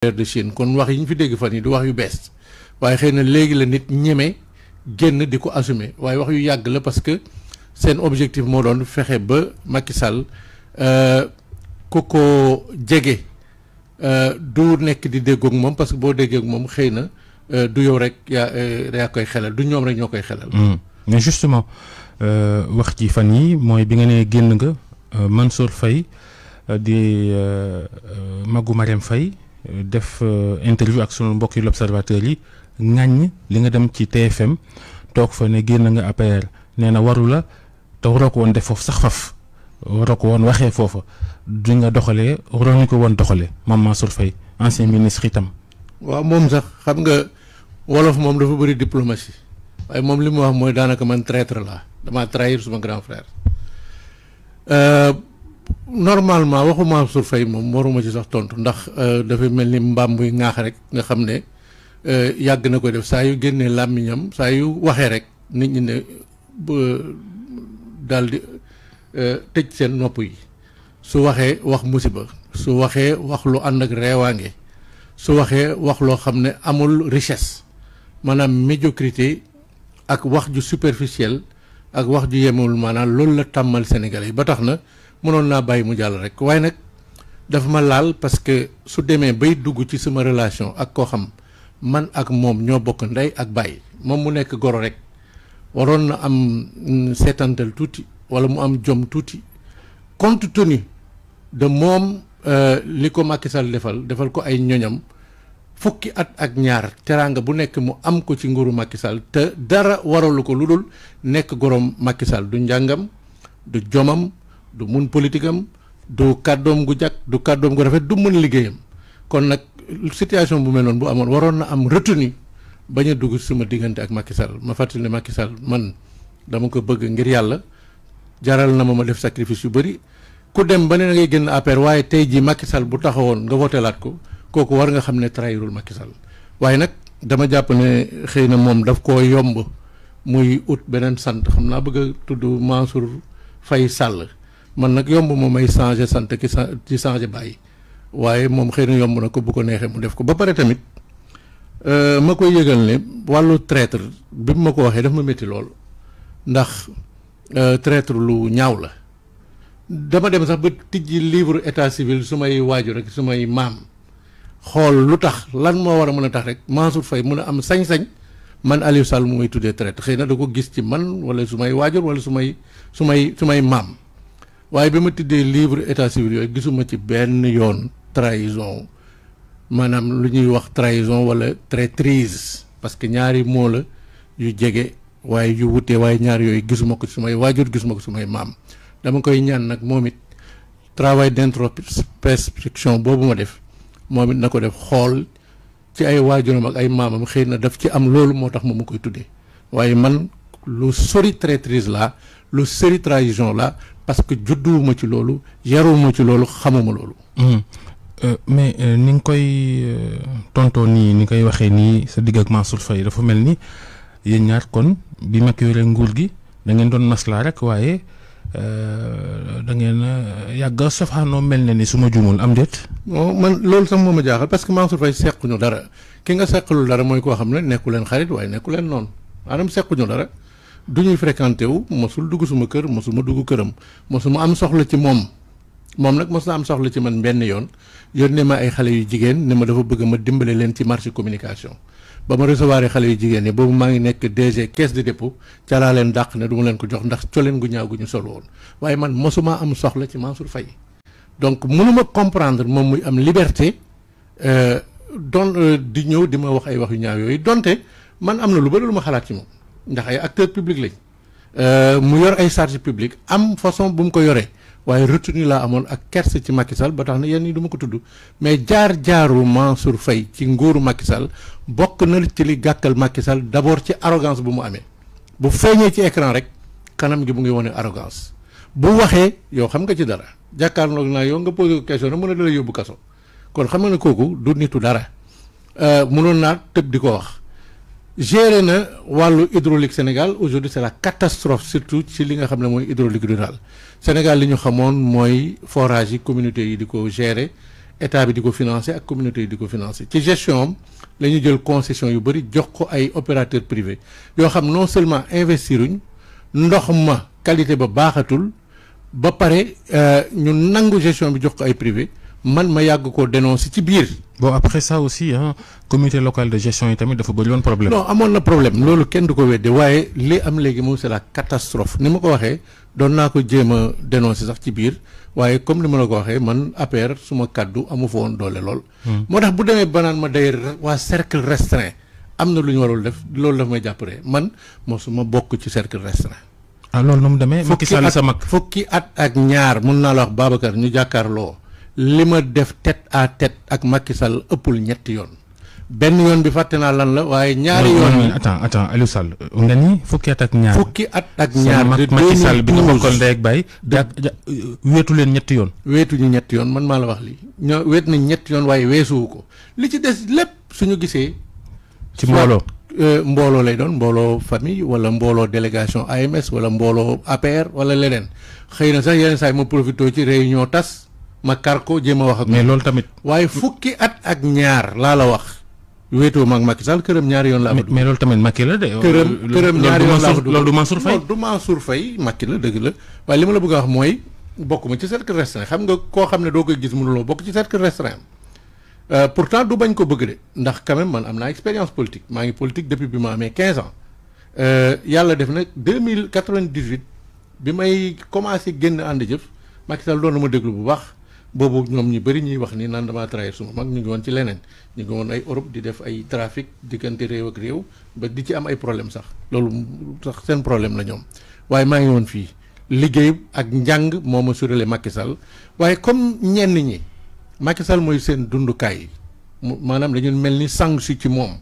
de Chine kon wax yiñ fi dégg fan yi du wax yu bees waye xeyna légui la nit ñëmé génn diko ko assumer waaye wax yu yag la parce que seen objectif mo doon fexé ba Macky Sall euh koko djégé euh du nekk di dégg ak mom parce que bo boo ak mom xeyna euh du yow rek ya euh, yaa koy xélal du ñom rek ñokoy xélal hmm. mais justement euh wax ci fan yi mooy bi nga né génn nga euh, Mansour Faye euh, di euh Magou Marème Faye def euh, interview ak sunu mbokki l'observateur yi ŋàññ li nga dem ci TFM toog fa ne génn nga APR nee na waru la te waroo ko woon def foofu sax faf waroo ko woon waxee foofa du nga doxalee waroo ñu ko woon doxalee moom Mansour Faye ancien ministre itam. waaw moom sax xam nga wolof moom dafa bëri diplomatie waaye moom li mu wax mooy daanaka man traître laa damaa trahir suma grand frère. Euh, normalement waxu Mansour Faye moom waruma ci sax tontu ndax euh, dafay mel ni mbaam muy ŋaax rek nga xam ne euh, yàgg na ko def saa yu génnee làmmiñam saa yu waxee rek nit ñi ne euh, daal di tëj seen nopp yi su waxee wax musiba su waxee wax lu ànd ak reewaange su waxee wax loo xam ne amul richesse maanaam médiocrité ak wax ju superficielle ak wax ju yemewul maanaam loolu la tàmmal Sénégalais yi ba tax na mënon naa bàyyi mu jàll rek waaye nag dafa ma laal parce que su demee bay dugg ci sama relation ak koo xam man ak mom ñoo bokk ndey ak bàyyi moom mu nekk goro rek waroon na am mm, seetantal tuuti wala mu am jom tuuti compte tenu de mom euh, li ko Macky Sall defal defal ko ay ñoñam fukki at ak ñaar teranga bu nekk mu am ko ci nguru Macky Sall te dara waralu ko lu gorom Macky Sall du njàngam du jomam du mun politikam du kaddom gu jak du kaddom gu rafet du mun ligeyam kon nak situation bu melnon bu amoon waron na am retenu baña dug suma digante ak Macky Sall ma fatil ne Macky Sall man dama ko bëgg ngir yalla jaral na ma def sacrifice yu bari ku dem ba ne ngay genn APR waye tay ji Macky Sall bu taxawon nga lat ko koku war nga xamne trahirul Macky Sall waye nak dama japp ne xeyna mom daf ko yomb muy ut benen sant xamna naa bëgg a Mansour Faye Sall man nag yomb ma may changer sante ki ci changer bàyyi waye mom xeyna yomb na ko bu ko nexe mu def ko ba pare tamit euh mako yegal ne walu traître bi ma ko waxee daf ma métti lool ndax eh, traître lu ñaaw la dama dem sax ba tijji livre état civil sumay waju rek sumay mam xol lutax lan mo wara mëna tax rek Mansour fay mëna am sañ-sañ man Aliou Sall mu may tuddee traître xeyna da ko gis ci man wala sumay wajur wala sumay sumay sumay mam waaye bi ma tiddee livre état civil yooyu gisuma ci benn yoon trahison maanaam lu ñuy wax traison wala traîtrise parce que ñaari moo la yu jege waaye yu wutee waaye ñaari yooyu gisuma ko sumay waajur gisuma ko sumay maam dama koy ñaan nag moom it travail d'introspection boobu ma def moom it na ko def xool ci ay waajuram ak ay maamam xëy na daf ci am loolu moo tax ma mu koy tuddee waaye man lu sori traîtrise la lu sori trahison la parce que judduwuma ci loolu yaruwuma ci loolu xamuma loolu. Hmm. Euh, mais euh, ni nga koy euh, tontoo nii ni koy waxee nii sa digg ak Mansour Faye dafa mel ni yéen ñaar kon bi mag yore gi da ngeen doon maslaa rek waaye da ngeen yàgg a safaanoo mel na ni su ma juumul am déet. man loolu sax moo ma jaaxal parce que Mansour Faye sequñu dara ki nga seqalul dara mooy koo xam ne nekku leen xarit waaye nekku leen noonu maanaam sequñu dara. du ñuy fréquenté wu mosul dugg suma kër mosuma dugg këram ma am soxla ci moom moom nag mos na am soxla ci man benn yoon yónnee ma ay xale yu jigéen ne ma dafa bëgg ma dimbale leen ci marché communication ba ma recevoir xale yu jigéen yi boobu maa ngi nekk DG caisse de dépo ca laa leen dàq ne duma leen ko jox ndax coleen gu ñaaw gu ñu sol woon waaye man mosuma am soxla ci Mansour Faye donc mënuma comprendre moom muy am liberté euh, don euh, di ñëw di ma wax ay wax yu ñaaw yooyu donte man am na lu bari lu ma xalaat ci moom. ndax ay acteurs publics lañ euh, mu yor ay charge publique am façon bu mu ko yoree waaye retenu laa amoon ak kerse ci Macky Sall ba tax na yenn yi duma ko tudd mais jaar jaaru Mansour fay ci nguuru Macky Sall bokk na ci li gàkkal Macky Sall d' abord ci arrogance bu mu amee bu feeñee ci écran rek kanam gi mu ngi wane arrogance bu waxee yow xam nga ci dara jàkkaar noog naa yow nga posé ko question na mën a dala yóbbu kaso kon xam nga ne kooku du nitu dara euh, mënoon naa tëb di ko wax Gérer na walu hydraulique Sénégal aujourd'hui c'est la catastrophe surtout ci li nga xamné ne hydraulique rural Sénégal li ñu xamone moy forage communauté yi diko gérer état bi diko financer ak communauté yi les financer ci gestion lañu la jël concession yu bari jox ko ay opérateurs privés yo xam non seulement investiruñ ndox ma qualité ba baxatul ba pare euh, ñu nangu gestion bi jox ko ay man ma yàgg ko dénoncé ci biir. bon après ça aussi hein comité local de gestion yi tamit dafa bëri woon problème. non amon na problème loolu kenn du ko wedde waye li am légui mo c'est la catastrophe ni ko waxé don naa ko jéem dénoncé sax ci biir waye comme ni la ko waxé man APR suma kaddu amu fa woon doole lool. Hmm. moo bu démé banaan ma day wa cercle restreint amna luñu lu warul def loolu la may jàppale man mo suma bokk ci cercle restreint. ah loolu nu démé demee. Macky Sall sa mak fukki at ak ñaar mun na la wax Babacar ñu jakarlo li ma def tête à tête ak Macky Sall ëppul ñetti yoon benn yoon bi fàtte naa lan la waaye ñaari yoon bi attends attends Aliou Sall nga ni fukki at ak ñaar fukki at ak ñaar Macky Sall bi nga bokkoon ndey ak baay weetu leen ñetti yoon weetu ñu ñetti yoon man maa la wax lii ñoo weet nañ ñetti yoon waaye weesuwu ko li ci des lépp suñu gisee ci mbooloo euh, mbooloo lay doon mbooloo famille wala mbooloo délégation AMS wala mbooloo APR wala leneen xëy na sax yeneen saa yi ma profité ci réunion tas ma kar ko jéem a wax ak. mais loolu tamit. waaye fukki at ak ñaar laa la wax. wéetoo maag Macky Sall këram ñaari yoon laa fa dugg. mais loolu tamit Macky la de. këram euh, këram ñaari yoon laa fa dugg loolu du la dëgg li ma la bëgg a wax mooy bokk ma ci cercle nga koo xam ne doo koy gis mënuloo bokk ci cercle restreint euh, pourtant du bañ ko bëgg de ndax quand man am naa expérience politique maa ngi politique depuis bi ma amee 15 ans euh, yàlla def na 2098 bi may commencé génn ànd jëf Macky Sall doon lu ma déglu bu baax. boobu ñoom ñu bari ñuy wax ni naan damaa trahir suma mag ñu ngi woon ci leneen ñu ngi woon ay Europe di def ay trafic diggante réew ak réew ba di ci am ay problème sax loolu sax seen problème la ñoom waaye maa ngi woon fii liggéey ak njàng moo ma surale Macky waaye comme ñenn ñi Macky mooy seen dundukaay maanaam dañu mel ni sang si ci moom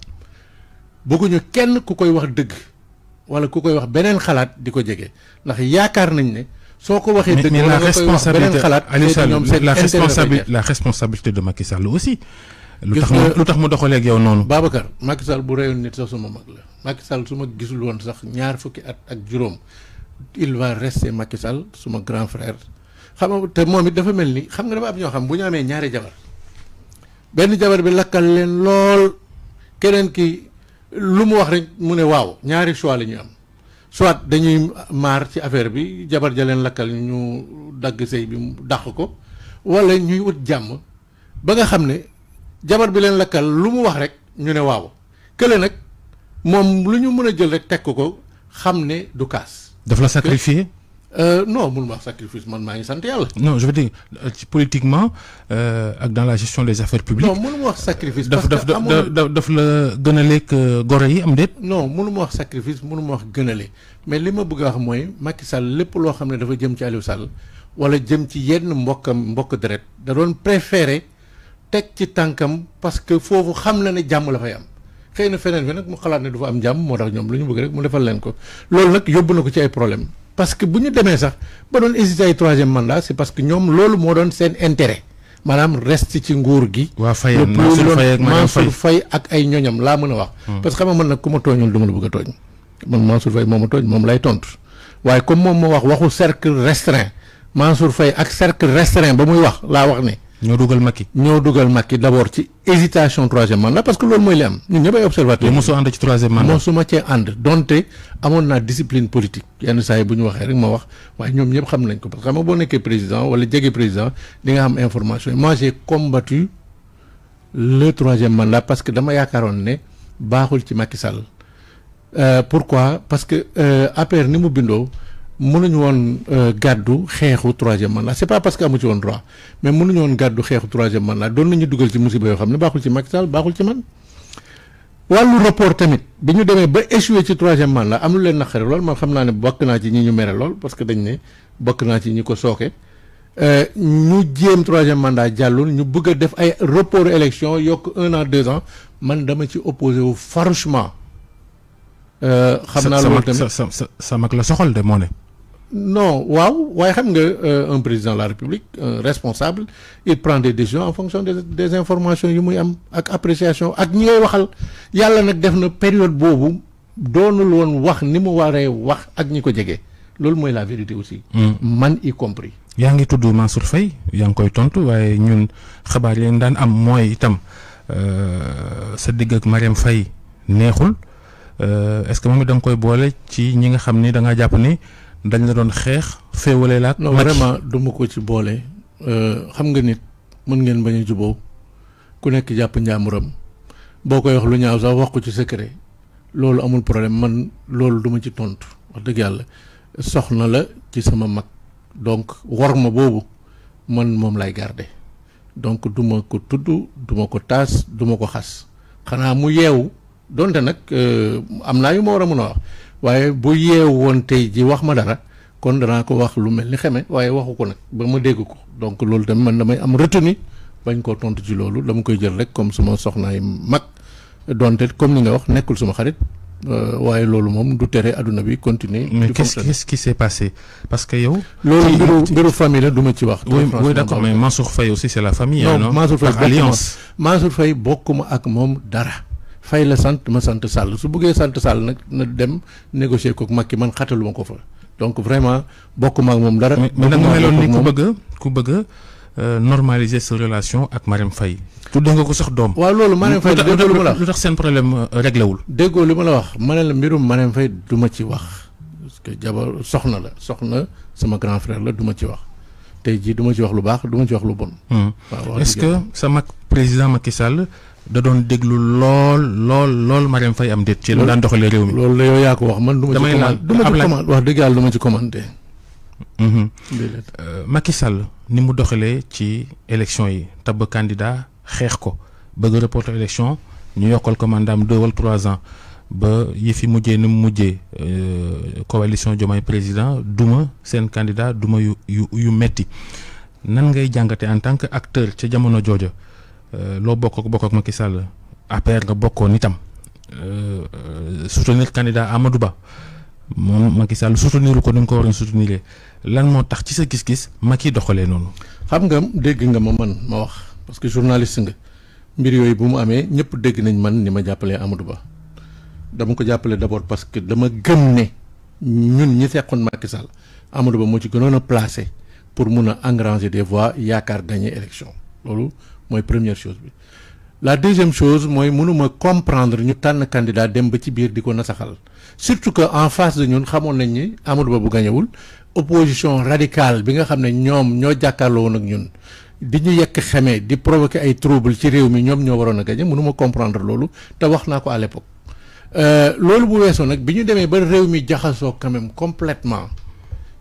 bëgguñu kenn ku koy wax dëgg wala ku koy wax beneen xalaat di ko jege ndax yaakaar nañ ne soo ko waxee dëgg la responsabilité Aliou Sall la responsabilité la responsabilité de Macky Sall aussi. lutax lutax lu doxale ak yow noonu. Babacar Macky Sall bu rayon nit sax suma mag la Macky Sall suma gisul won sax ñaar fukki at ak juróom il va rester Macky Sall suma grand frère. xam nga te momit dafa melni xam nga dafa am ñoo xam bu ñame ñaari jabar benn jabar bi lakal len lool keneen ki lu mu wax rek mu ne waaw ñaari choix la ñu am. soit dañuy maar ci affaire bi jabar ja leen lakkal ñu dagg sëy bi mu dàq ko wala ñuy wut jàmm ba nga xam ne jabar bi leen lakkal lu mu wax rek ñu ne waaw kële nag moom lu ñu mën a jël rek teg ko xam ne du kaas. daf la sacrifier Euh, non ne sacrifice man non je veux dire euh, politiquement euh, dans la gestion des affaires publiques. non veux wax sacrifice. parce que daf daf la gënaleeg gore yi am pas non wax sacrifice wax mais li ma bëgg wax Macky Sall ne dafa jëm ci Aliou Sall wala jëm ci yenn mbokk deret da doon préféré ci parce que je xam na que vous la fay am. vous fi nak mu xalaat am jàmm moo tax ñoom lu bëgg rek mu ko ko ci problème parce que bu ñu demee sax ba doon hésité ay troisième mandat c'est parce que ñoom loolu moo doon seen intérêt maanaam reste ci nguur gi. waa Faye ak Mansour ak ay ñoñam laa mën a wax. Hmm. parce que xam nga man nag ku ma tooñul du la bëgg a tooñ. man Mansour Faye moom ma tooñ moom lay tontu waaye comme moom moo wax waxu cercle restreint Mansour fay ak cercle restreint ba muy wax laa wax ne. ñoo dugal Macky ñoo dugal Macky d' abord ci hésitation troisième mandat parce que loolu mooy li am ñun ñëpp ay observateur mosoo ànd ci troisième mandat mosuma cee ànd donte amoon naa discipline politique yenn saa yi bu ñu waxee rek ma wax waaye ñoom ñëpp xam nañ ko parce que xam nga boo nekkee président wala jege président di nga am information moi j'ai combattu le troisième mandat parce que dama yaakaaroon ne baaxul ci Macky Sall euh, pourquoi parce que euh, APR ni mu bindoo mun mënuñu woon euh, gàddu xeexu troisième mandat c'est pas parce que amu ci woon droit mais mun mënuñu woon gàddu xeexu troisième mandat doon nañu dugal ci musiba yoo xam ne baaxul ci Macky Sall baaxul ci man wàllu rapport tamit bi ñu demee ba échoué ci troisième mandat am lu leen naqare lool man xam naa ne bokk naa ci ñu mere lool parce que ne bokk naa ci ñi ko sooke euh, ñu jéem troisième mandat jàllul ñu bëgg a def ay rapport élection yokk un an deux man dama ci opposé wu farouchement euh, xam naa loolu tamit sa sa sa mag la soxal de moo ne non waaw waaye xam nga euh, un président de la république responsable il prend des décisions en fonction des des informations yu muy am ak appréciation ak ñi ngay waxal yàlla nag def na période boobu doonul woon wax ni mu waree wax ak ñi ko jege loolu mooy la vérité aussi. Hmm. man y compris yaa ngi tudd Mansour Faye yaa ngi koy tontu waaye ñun xabaar yi leen am mooy itam euh, sa digg ak Mariam Faye neexul euh, est-ce que moom it koy boole ci ñi nga xam ni da nga jàpp ni. dañ la doon xeex féewalee la ak. non vraiment du ma ko ci boole. Euh, xam nga nit mën ngeen bañ a juboo ku nekk jàpp njaamuram boo koy wax lu ñaaw sax wax ko ci secret loolu amul problème man loolu duma ci tontu wax dëgg yàlla soxna la ci sama mag donc war ma boobu man moom lay garde donc duma ko tudd duma ko taas du ma ko xas xanaa mu yeewu donte nag euh, am naa yu ma war a mën a wax. waaye bu yeew woon tey ji wax ma dara kon danaa ko wax lu mel ni xeme waaye waxu ko nag ba ma dégg ko donc loolu tamit man damay am retenu bañ koo tontu ci loolu dama koy jël rek comme suma soxnaay mag donte comme ni nga wax nekkul suma xarit euh, waaye loolu moom du tere adduna bi continuer. mais qu'est-ce qui s'est passé parce que yow. loolu mbiru du ma ci wax. oui oui d'accord mais aussi c'est la famille. non Mansour Faye bokkuma alliance Mansour Faye bokkuma ak moom dara. fay la sant ma sant Sall su bëggee sant Sall nag na dem négocier ko Macky man xataluma ko fa donc vraiment bokkuma ak moom dara. mais da nga meloon ni ku bëgg ku bëgg euh, normaliser sa relation ak Marème Faye. tuddee nga ko sax doom. waaw loolu Marème Faye déggoo li ma la wax lu tax seen problème euh, réglé wul. déggoo li ma la wax ma ne la mbirum Marème Faye du ma ci wax parce que jabar soxna la soxna sama grand frère la du ma ci wax tey jii du ma ci wax lu baax du ma ci wax lu bon. Hmm. waaw est-ce que sa mag président Macky Sall. da doon déglu lool lool lool Marème fay am déet. ci la daan doxalee réew mi loolu la yow yaa ko wax man. damay naan du ma ci commande wax dëgg yàlla du ma ci commandé. Mhm. Euh, Sall ni mu doxalee ci élection yi tabb candidat xeex ko bëgg report élection ñu yokkal ko mandaam deux wala trois ans ba yi fi mujjee ni mu mujjee euh, coalition Diomaye président duma seen candidat duma yu yu yu metti nan ngay jàngate en tant que acteur ca jamono jooja. Eh, lo bokk ak bokk ak Macky Sall APR nga bokkoon itam eh, eh, soutenir candidat Amadou Ba mom Macky Sall soutenir ko ni ko waroon soutenir lan mo tax ci sa gis-gis Macky doxale non xam nga deg nga mo man ma wax parce que journaliste nga mbir yoy bu mu amé ñepp deg nañ man ni ma jappalé Amadou Ba dama ko jappalé d'abord parce que dama gëm né ñun ñi Macky Sall Amadou Ba mo ci gënon placé pour mëna engranger des voix yaakar gagner élection lolu mooy première chose bi la deuxième chose mooy mënuma comprendre ñu tànn candidat dem ba ci biir di ko nasaxal surtout que en face de ñun xamoon nañ ni Amadou Ba bu gañewul opposition radicale bi nga xam ne ñoom ñoo jàkkaarloo woon ak ñun di ñu yekk xeme di provoquer ay trouble ci réew mi ñoom ñoo waroon a gañe mënuma comprendre loolu te wax naa ko à l'époque euh, loolu bu weesoon nag bi ñu demee ba réew mi jaxasoo quand même complètement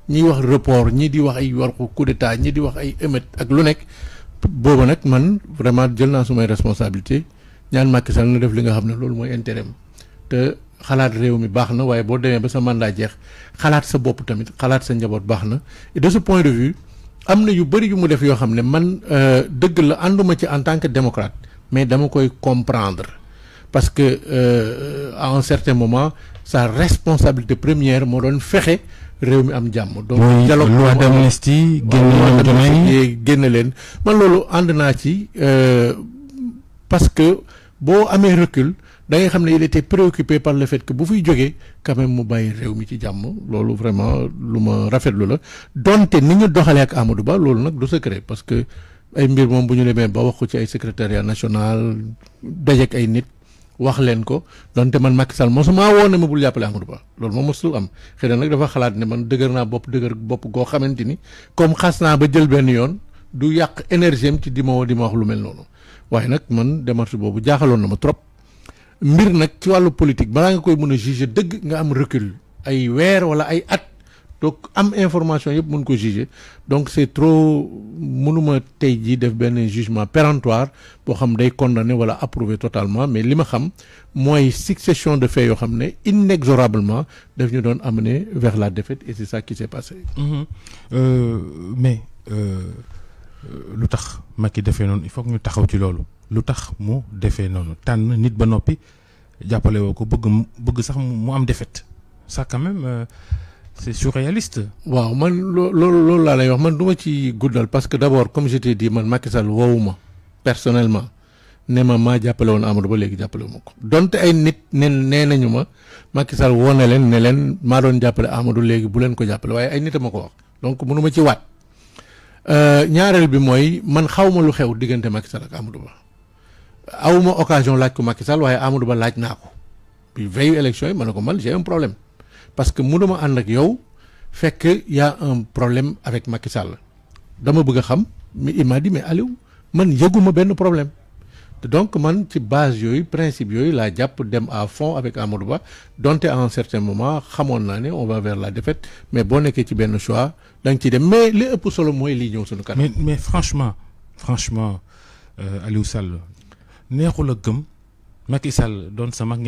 wax report ñii di wax ay warku coup ñii di wax ay émeute ak lu nekk boobu nak man vraiment jël na sumay responsabilité ñaan Macky Sall na def li nga xamne lool moy intérêt te xalaat réew mi baxna waye bo démé ba sa mandat jeex xalaat sa bop tamit xalaat sa njabot baxna et de ce point de vue amna yu bari yu mu def yo xamne man man euh, deug la anduma ci en tant que démocrate mais dama koy comprendre parce que euh, à un certain moment sa responsabilité première mo doon fexé réew mi am jàmm. donc dialogue loi d'amnistie génne leen man loolu ànd naa ci euh, parce que boo amee recul da ngay xam ne il était par le fet que bu fiy jógee quand mu bàyyi réew mi ci jàmm loolu vraiment lu ma rafetlu la donte ni ñu doxalee ak Amadou Ba loolu nag du secret parce que ay mbir moom bu ñu demee ba wax ko ci ay secrétariat national dajeek ay nit. wax leen ko donte man Macky Sall mosuma woo ne ma bul jàppale Amadou Ba loolu moom mosul am xëy na nag dafa xalaat ne man dëgër naa bopp dëgër bopp goo xamante ni comme xas naa ba jël benn yoon du yàq énergie am ci di ma di ma wax lu mel noonu waaye nag man démarche boobu jaaxaloon na ma trop. mbir nag ci wàllu politique balaa nga koy mën a juger dëgg nga am recul ay weer wala ay at. donc am information yëpp mën ko juger donc c'est trop mënuma tey jii def ben jugement péremptoire bo xam day condamner wala approuver totalement mais lima xam moy succession de faits yo xamné inexorablement daf ñu doon amener vers la défaite et c'est ça qui s'est passé. Mhm. Euh, mais euh, lutax maki defee non il faut que ñu taxaw ci lolu lutax tax mu defee noonu tànn nit ba nopi jàppale woko bëgg bëgg sax mu am défaite ça quand même. Euh, c'est surréaliste. waaw man loo loolu loolu lay wax man du ma ci guddal parce que d'abord, comme je t'ai dit man Macky Sall woowu personnellement ne ma maa jàppale woon Amadou Ba léegi jàppale ma ko donte ay nit ne nee nañu ma Macky Sall woo na leen ne leen maa doon jàppale Amadou léegi bu leen ko jàppale waaye ay nit a ma ko wax donc mënu ma ci waat euh, ñaareel bi mooy man xawma lu xew diggante Macky Sall ak Amadou Ba awuma occasion laaj ko Macky Sall waaye Amadou Ba laaj naa ko bi veille élection yi ma ne ko man j'ai un problème parce que mënuma ànd ak yow fekk y a un problème avec Macky Sall dama bëgg xam mais il m'a dit mais Aliou man yëguma ben problème donc man ci base yooyu principe yooyu la jàpp dem à fond avec Amadou dont à un certain moment xamoon naa ne on va vers la défaite mais boo nekkee ci ben choix da nga dem mais le ëpp solo mooy lii ñëw suñu kanam. mais mais franchement franchement euh, Aliou Sall neexul a gëm Macky Sall donne sa mag